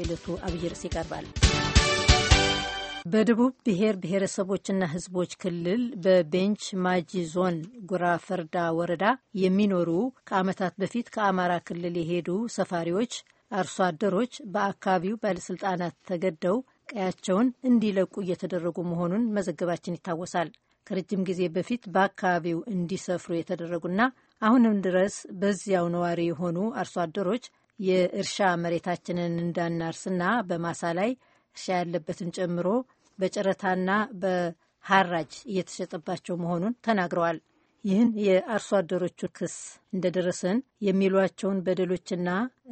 የዕለቱ አብይ ርዕስ ይቀርባል። በደቡብ ብሔር ብሔረሰቦችና ሕዝቦች ክልል በቤንች ማጂ ዞን ጉራ ፈርዳ ወረዳ የሚኖሩ ከዓመታት በፊት ከአማራ ክልል የሄዱ ሰፋሪዎች አርሶ አደሮች በአካባቢው ባለሥልጣናት ተገደው ቀያቸውን እንዲለቁ እየተደረጉ መሆኑን መዘገባችን ይታወሳል። ከረጅም ጊዜ በፊት በአካባቢው እንዲሰፍሩ የተደረጉና አሁንም ድረስ በዚያው ነዋሪ የሆኑ አርሶ አደሮች የእርሻ መሬታችንን እንዳናርስና በማሳ ላይ እርሻ ያለበትን ጨምሮ በጨረታና በሐራጅ እየተሸጠባቸው መሆኑን ተናግረዋል። ይህን የአርሶ አደሮቹ ክስ እንደደረሰን የሚሏቸውን በደሎችና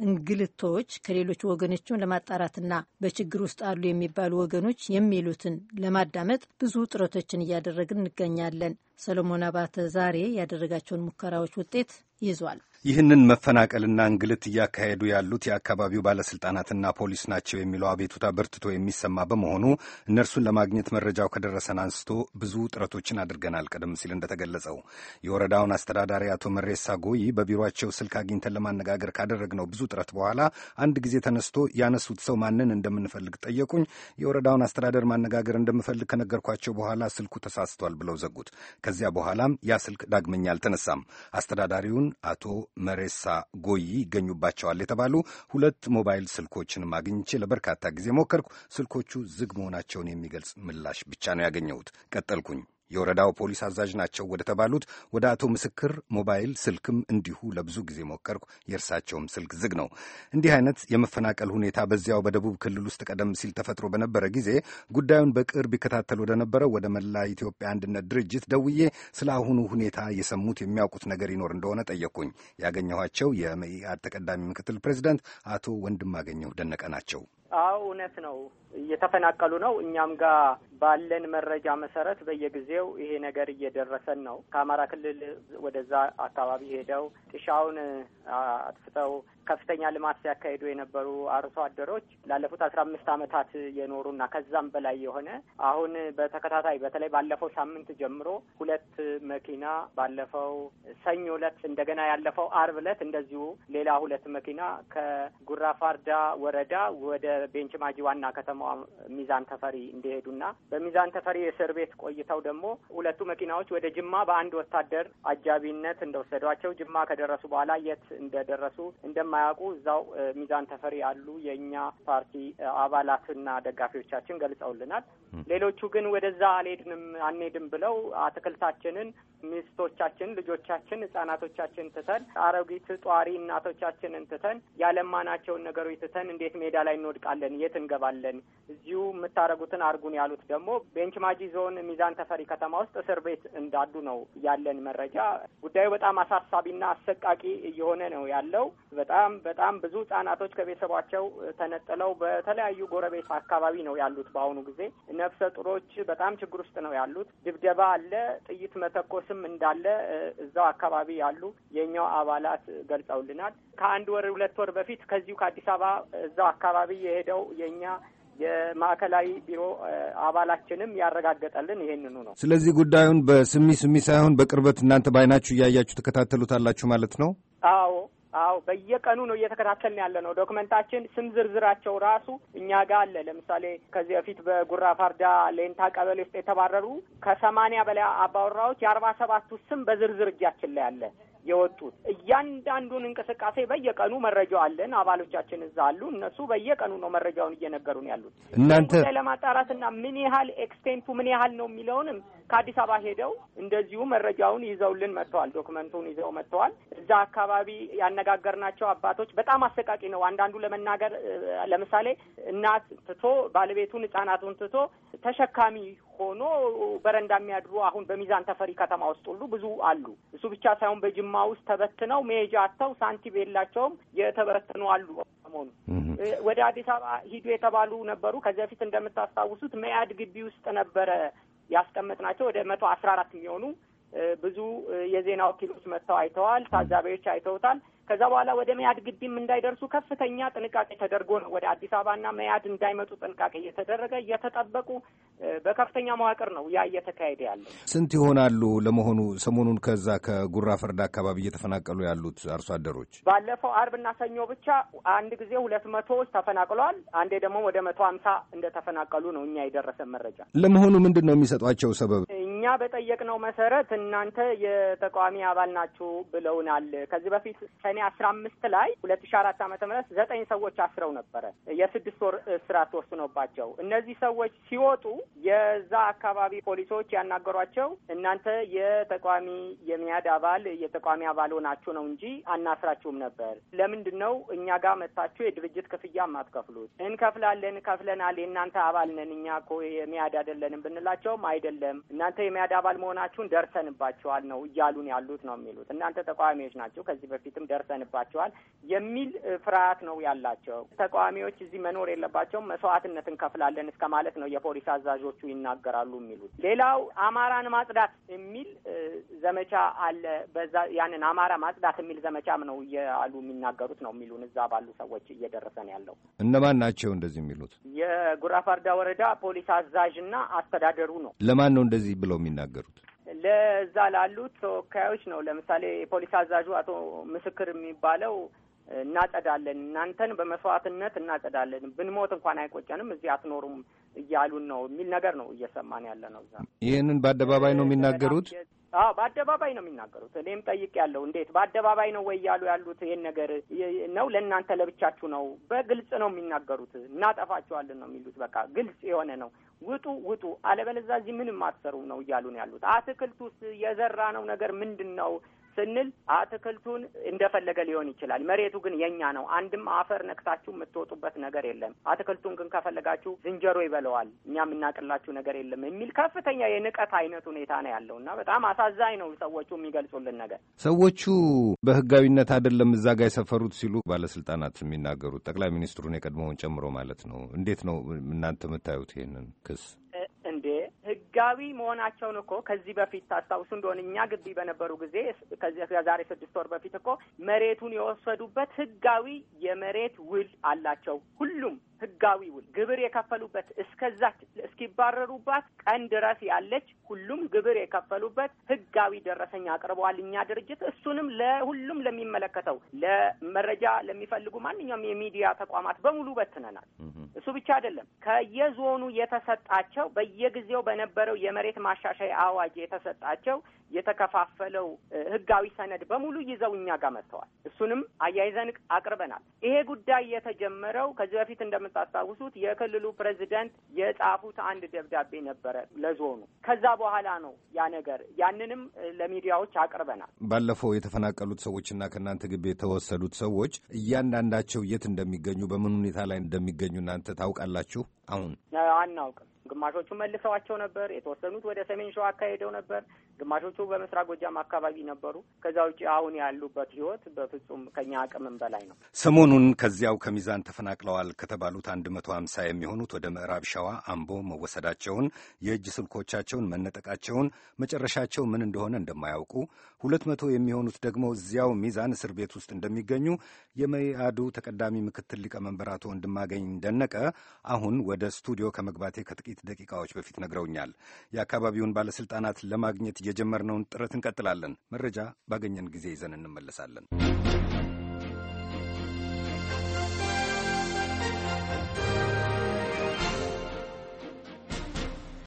እንግልቶች ከሌሎች ወገኖችን ለማጣራትና በችግር ውስጥ አሉ የሚባሉ ወገኖች የሚሉትን ለማዳመጥ ብዙ ጥረቶችን እያደረግን እንገኛለን። ሰለሞን አባተ ዛሬ ያደረጋቸውን ሙከራዎች ውጤት ይዟል። ይህንን መፈናቀልና እንግልት እያካሄዱ ያሉት የአካባቢው ባለስልጣናትና ፖሊስ ናቸው የሚለው አቤቱታ በርትቶ የሚሰማ በመሆኑ እነርሱን ለማግኘት መረጃው ከደረሰን አንስቶ ብዙ ጥረቶችን አድርገናል። ቀደም ሲል እንደተገለጸው የወረዳውን አስተዳዳሪ አቶ መሬሳ ጎይ በቢሮቸው ስልክ አግኝተን ለማነጋገር ካደረግነው ብዙ ጥረት በኋላ አንድ ጊዜ ተነስቶ ያነሱት ሰው ማንን እንደምንፈልግ ጠየቁኝ። የወረዳውን አስተዳደር ማነጋገር እንደምፈልግ ከነገርኳቸው በኋላ ስልኩ ተሳስቷል ብለው ዘጉት። ከዚያ በኋላም ያ ስልክ ዳግመኛ አልተነሳም። አስተዳዳሪውን አቶ መሬሳ ጎይ ይገኙባቸዋል የተባሉ ሁለት ሞባይል ስልኮችንም አግኝቼ ለበርካታ ጊዜ ሞከርኩ። ስልኮቹ ዝግ መሆናቸውን የሚገልጽ ምላሽ ብቻ ነው ያገኘሁት። ቀጠልኩኝ። የወረዳው ፖሊስ አዛዥ ናቸው ወደ ተባሉት ወደ አቶ ምስክር ሞባይል ስልክም እንዲሁ ለብዙ ጊዜ ሞከርኩ። የእርሳቸውም ስልክ ዝግ ነው። እንዲህ አይነት የመፈናቀል ሁኔታ በዚያው በደቡብ ክልል ውስጥ ቀደም ሲል ተፈጥሮ በነበረ ጊዜ ጉዳዩን በቅርብ ይከታተል ወደነበረው ወደ መላ ኢትዮጵያ አንድነት ድርጅት ደውዬ ስለ አሁኑ ሁኔታ የሰሙት የሚያውቁት ነገር ይኖር እንደሆነ ጠየቅኩኝ። ያገኘኋቸው የመኢአድ ተቀዳሚ ምክትል ፕሬዚደንት አቶ ወንድማገኘሁ ደነቀ ናቸው። አዎ እውነት ነው፣ እየተፈናቀሉ ነው። እኛም ጋር ባለን መረጃ መሰረት በየጊዜው ይሄ ነገር እየደረሰን ነው። ከአማራ ክልል ወደዛ አካባቢ ሄደው ጥሻውን አጥፍተው ከፍተኛ ልማት ሲያካሂዱ የነበሩ አርሶ አደሮች ላለፉት አስራ አምስት ዓመታት የኖሩና ከዛም በላይ የሆነ አሁን በተከታታይ በተለይ ባለፈው ሳምንት ጀምሮ ሁለት መኪና ባለፈው ሰኞ ለት እንደገና ያለፈው አርብ ለት እንደዚሁ ሌላ ሁለት መኪና ከጉራፋርዳ ወረዳ ወደ ቤንች ማጂ ዋና ከተማዋ ሚዛን ተፈሪ እንደሄዱና በሚዛን ተፈሪ የእስር ቤት ቆይተው ደግሞ ሁለቱ መኪናዎች ወደ ጅማ በአንድ ወታደር አጃቢነት እንደወሰዷቸው ጅማ ከደረሱ በኋላ የት እንደደረሱ እንደማያውቁ እዛው ሚዛን ተፈሪ ያሉ የእኛ ፓርቲ አባላትና ደጋፊዎቻችን ገልጸውልናል። ሌሎቹ ግን ወደዛ አልሄድንም አንሄድም ብለው አትክልታችንን፣ ሚስቶቻችን፣ ልጆቻችን፣ ህጻናቶቻችን ትተን አረጊት ጧሪ እናቶቻችንን ትተን ያለማናቸውን ነገሮች ትተን እንዴት ሜዳ ላይ እንወድቃለን? የት እንገባለን? እዚሁ የምታረጉትን አርጉን ያሉት ደግሞ ደግሞ ቤንችማጂ ዞን ሚዛን ተፈሪ ከተማ ውስጥ እስር ቤት እንዳሉ ነው ያለን መረጃ። ጉዳዩ በጣም አሳሳቢና አሰቃቂ እየሆነ ነው ያለው። በጣም በጣም ብዙ ህጻናቶች ከቤተሰባቸው ተነጥለው በተለያዩ ጎረቤት አካባቢ ነው ያሉት። በአሁኑ ጊዜ ነፍሰ ጡሮች በጣም ችግር ውስጥ ነው ያሉት። ድብደባ አለ፣ ጥይት መተኮስም እንዳለ እዛው አካባቢ ያሉ የኛው አባላት ገልጸውልናል። ከአንድ ወር ሁለት ወር በፊት ከዚሁ ከአዲስ አበባ እዛው አካባቢ የሄደው የእኛ የማዕከላዊ ቢሮ አባላችንም ያረጋገጠልን ይሄንኑ ነው። ስለዚህ ጉዳዩን በስሚ ስሚ ሳይሆን በቅርበት እናንተ በአይናችሁ እያያችሁ ትከታተሉታላችሁ ማለት ነው? አዎ አዎ በየቀኑ ነው እየተከታተልን ያለ ነው። ዶክመንታችን ስም ዝርዝራቸው ራሱ እኛ ጋር አለ። ለምሳሌ ከዚህ በፊት በጉራ ፋርዳ ሌንታ ቀበሌ ውስጥ የተባረሩ ከሰማንያ በላይ አባወራዎች የአርባ ሰባቱ ስም በዝርዝር እጃችን ላይ አለ። የወጡት። እያንዳንዱን እንቅስቃሴ በየቀኑ መረጃው አለን። አባሎቻችን እዛ አሉ። እነሱ በየቀኑ ነው መረጃውን እየነገሩን ያሉት። እናንተ ለማጣራትና ምን ያህል ኤክስቴንቱ ምን ያህል ነው የሚለውንም ከአዲስ አበባ ሄደው እንደዚሁ መረጃውን ይዘውልን መጥተዋል። ዶክመንቱን ይዘው መጥተዋል። እዛ አካባቢ ያነጋገርናቸው አባቶች በጣም አሰቃቂ ነው። አንዳንዱ ለመናገር ለምሳሌ እናት ትቶ ባለቤቱን ህጻናቱን ትቶ ተሸካሚ ሆኖ በረንዳ የሚያድሩ አሁን በሚዛን ተፈሪ ከተማ ውስጥ ሁሉ ብዙ አሉ። እሱ ብቻ ሳይሆን በጅማ ውስጥ ተበትነው መሄጃ አጥተው ሳንቲም የላቸውም የተበረተኑ አሉ። ሰሞኑ ወደ አዲስ አበባ ሂዱ የተባሉ ነበሩ። ከዚህ በፊት እንደምታስታውሱት መያድ ግቢ ውስጥ ነበረ ያስቀመጥናቸው ወደ መቶ አስራ አራት የሚሆኑ ብዙ የዜና ወኪሎች መጥተው አይተዋል። ታዛቢዎች አይተውታል። ከዛ በኋላ ወደ መያድ ግቢም እንዳይደርሱ ከፍተኛ ጥንቃቄ ተደርጎ ነው ወደ አዲስ አበባና መያድ እንዳይመጡ ጥንቃቄ እየተደረገ እየተጠበቁ በከፍተኛ መዋቅር ነው ያ እየተካሄደ ያለ። ስንት ይሆናሉ ለመሆኑ ሰሞኑን ከዛ ከጉራ ፈርዳ አካባቢ እየተፈናቀሉ ያሉት አርሶ አደሮች? ባለፈው አርብና ሰኞ ብቻ አንድ ጊዜ ሁለት መቶዎች ተፈናቅለዋል። አንዴ ደግሞ ወደ መቶ ሀምሳ እንደተፈናቀሉ ነው እኛ የደረሰ መረጃ። ለመሆኑ ምንድን ነው የሚሰጧቸው ሰበብ? እኛ በጠየቅነው መሰረት እናንተ የተቃዋሚ አባል ናችሁ ብለውናል። ከዚህ በፊት ሰኔ ሰኔ አስራ አምስት ላይ ሁለት ሺ አራት አመተ ምህረት ዘጠኝ ሰዎች አስረው ነበረ የስድስት ወር እስራት ተወስኖባቸው እነዚህ ሰዎች ሲወጡ የዛ አካባቢ ፖሊሶች ያናገሯቸው እናንተ የተቃዋሚ የሚያድ አባል የተቃዋሚ አባል ሆናችሁ ነው እንጂ አናስራችሁም ነበር። ለምንድን ነው እኛ ጋር መጥታችሁ የድርጅት ክፍያ ማትከፍሉት? እንከፍላለን፣ ከፍለናል፣ የእናንተ አባል ነን እኛ እኮ የሚያድ አይደለንም ብንላቸውም አይደለም እናንተ የሚያድ አባል መሆናችሁን ደርሰንባቸዋል ነው እያሉን ያሉት ነው የሚሉት። እናንተ ተቃዋሚዎች ናቸው፣ ከዚህ በፊትም ደርሰ ይወሰንባቸዋል የሚል ፍርሃት ነው ያላቸው። ተቃዋሚዎች እዚህ መኖር የለባቸውም፣ መስዋዕትነት እንከፍላለን እስከ ማለት ነው የፖሊስ አዛዦቹ ይናገራሉ የሚሉት። ሌላው አማራን ማጽዳት የሚል ዘመቻ አለ። በዛ ያንን አማራ ማጽዳት የሚል ዘመቻም ነው እያሉ የሚናገሩት ነው የሚሉን እዛ ባሉ ሰዎች እየደረሰ ነው ያለው። እነማን ናቸው እንደዚህ የሚሉት? የጉራፋርዳ ወረዳ ፖሊስ አዛዥና አስተዳደሩ ነው። ለማን ነው እንደዚህ ብለው የሚናገሩት? ለዛ ላሉት ተወካዮች ነው። ለምሳሌ የፖሊስ አዛዡ አቶ ምስክር የሚባለው እናጸዳለን፣ እናንተን በመስዋዕትነት እናጸዳለን፣ ብንሞት እንኳን አይቆጨንም፣ እዚህ አትኖሩም እያሉን ነው የሚል ነገር ነው እየሰማን ያለ ነው። ይህንን በአደባባይ ነው የሚናገሩት። አዎ በአደባባይ ነው የሚናገሩት። እኔም ጠይቅ ያለው እንዴት በአደባባይ ነው ወይ እያሉ ያሉት ይህን ነገር ነው ለእናንተ ለብቻችሁ ነው፣ በግልጽ ነው የሚናገሩት። እናጠፋችኋለን ነው የሚሉት። በቃ ግልጽ የሆነ ነው። ውጡ ውጡ፣ አለበለዚያ እዚህ ምንም አትሰሩም ነው ነው ያሉት። አትክልቱስ የዘራ ነው ነገር ምንድን ነው ስንል አትክልቱን እንደፈለገ ሊሆን ይችላል። መሬቱ ግን የኛ ነው። አንድም አፈር ነክታችሁ የምትወጡበት ነገር የለም። አትክልቱን ግን ከፈለጋችሁ ዝንጀሮ ይበለዋል፣ እኛ የምናቅላችሁ ነገር የለም የሚል ከፍተኛ የንቀት አይነት ሁኔታ ነው ያለው እና በጣም አሳዛኝ ነው ሰዎቹ የሚገልጹልን ነገር። ሰዎቹ በህጋዊነት አይደለም እዛ ጋ የሰፈሩት ሲሉ ባለስልጣናት የሚናገሩት ጠቅላይ ሚኒስትሩን የቀድሞውን ጨምሮ ማለት ነው። እንዴት ነው እናንተ የምታዩት ይህንን ክስ? ህጋዊ መሆናቸውን እኮ ከዚህ በፊት ታስታውሱ እንደሆነ እኛ ግቢ በነበሩ ጊዜ ከዛሬ ስድስት ወር በፊት እኮ መሬቱን የወሰዱበት ህጋዊ የመሬት ውል አላቸው ሁሉም ህጋዊ ውል ግብር የከፈሉበት እስከዛች እስኪባረሩባት ቀን ድረስ ያለች ሁሉም ግብር የከፈሉበት ህጋዊ ደረሰኝ አቅርበዋል እኛ ድርጅት። እሱንም ለሁሉም ለሚመለከተው ለመረጃ ለሚፈልጉ ማንኛውም የሚዲያ ተቋማት በሙሉ በትነናል። እሱ ብቻ አይደለም፣ ከየዞኑ የተሰጣቸው በየጊዜው በነበረው የመሬት ማሻሻያ አዋጅ የተሰጣቸው የተከፋፈለው ህጋዊ ሰነድ በሙሉ ይዘው እኛ ጋር መጥተዋል። እሱንም አያይዘን አቅርበናል። ይሄ ጉዳይ የተጀመረው ከዚህ በፊት እንደም የምታስታውሱት የክልሉ ፕሬዚደንት የጻፉት አንድ ደብዳቤ ነበረ ለዞኑ። ከዛ በኋላ ነው ያ ነገር። ያንንም ለሚዲያዎች አቅርበናል። ባለፈው የተፈናቀሉት ሰዎችና ከእናንተ ግቢ የተወሰዱት ሰዎች እያንዳንዳቸው የት እንደሚገኙ፣ በምን ሁኔታ ላይ እንደሚገኙ እናንተ ታውቃላችሁ? አሁን አናውቅም። ግማሾቹ መልሰዋቸው ነበር። የተወሰኑት ወደ ሰሜን ሸዋ አካሄደው ነበር። ግማሾቹ በምስራቅ ጎጃም አካባቢ ነበሩ። ከዛ ውጭ አሁን ያሉበት ህይወት በፍጹም ከኛ አቅምም በላይ ነው። ሰሞኑን ከዚያው ከሚዛን ተፈናቅለዋል ከተባሉት አንድ መቶ ሀምሳ የሚሆኑት ወደ ምዕራብ ሸዋ አምቦ መወሰዳቸውን፣ የእጅ ስልኮቻቸውን መነጠቃቸውን፣ መጨረሻቸው ምን እንደሆነ እንደማያውቁ፣ ሁለት መቶ የሚሆኑት ደግሞ እዚያው ሚዛን እስር ቤት ውስጥ እንደሚገኙ የመያዱ ተቀዳሚ ምክትል ሊቀመንበር አቶ ወንድማገኝ ደነቀ አሁን ወደ ስቱዲዮ ከመግባቴ ከጥቂት ከጥቂት ደቂቃዎች በፊት ነግረውኛል። የአካባቢውን ባለሥልጣናት ለማግኘት የጀመርነውን ጥረት እንቀጥላለን። መረጃ ባገኘን ጊዜ ይዘን እንመለሳለን።